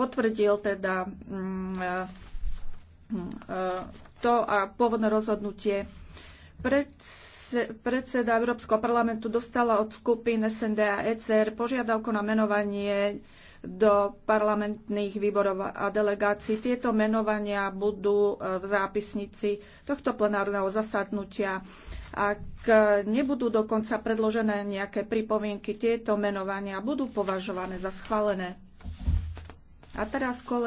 potvrdil teda mm, e, e, to a pôvodné rozhodnutie. Predseda Európskeho parlamentu dostala od skupín SND a ECR požiadavku na menovanie do parlamentných výborov a delegácií. Tieto menovania budú e, v zápisnici tohto plenárneho zasadnutia. Ak nebudú dokonca predložené nejaké pripomienky, tieto menovania budú považované za schválené. A teraz, kolega,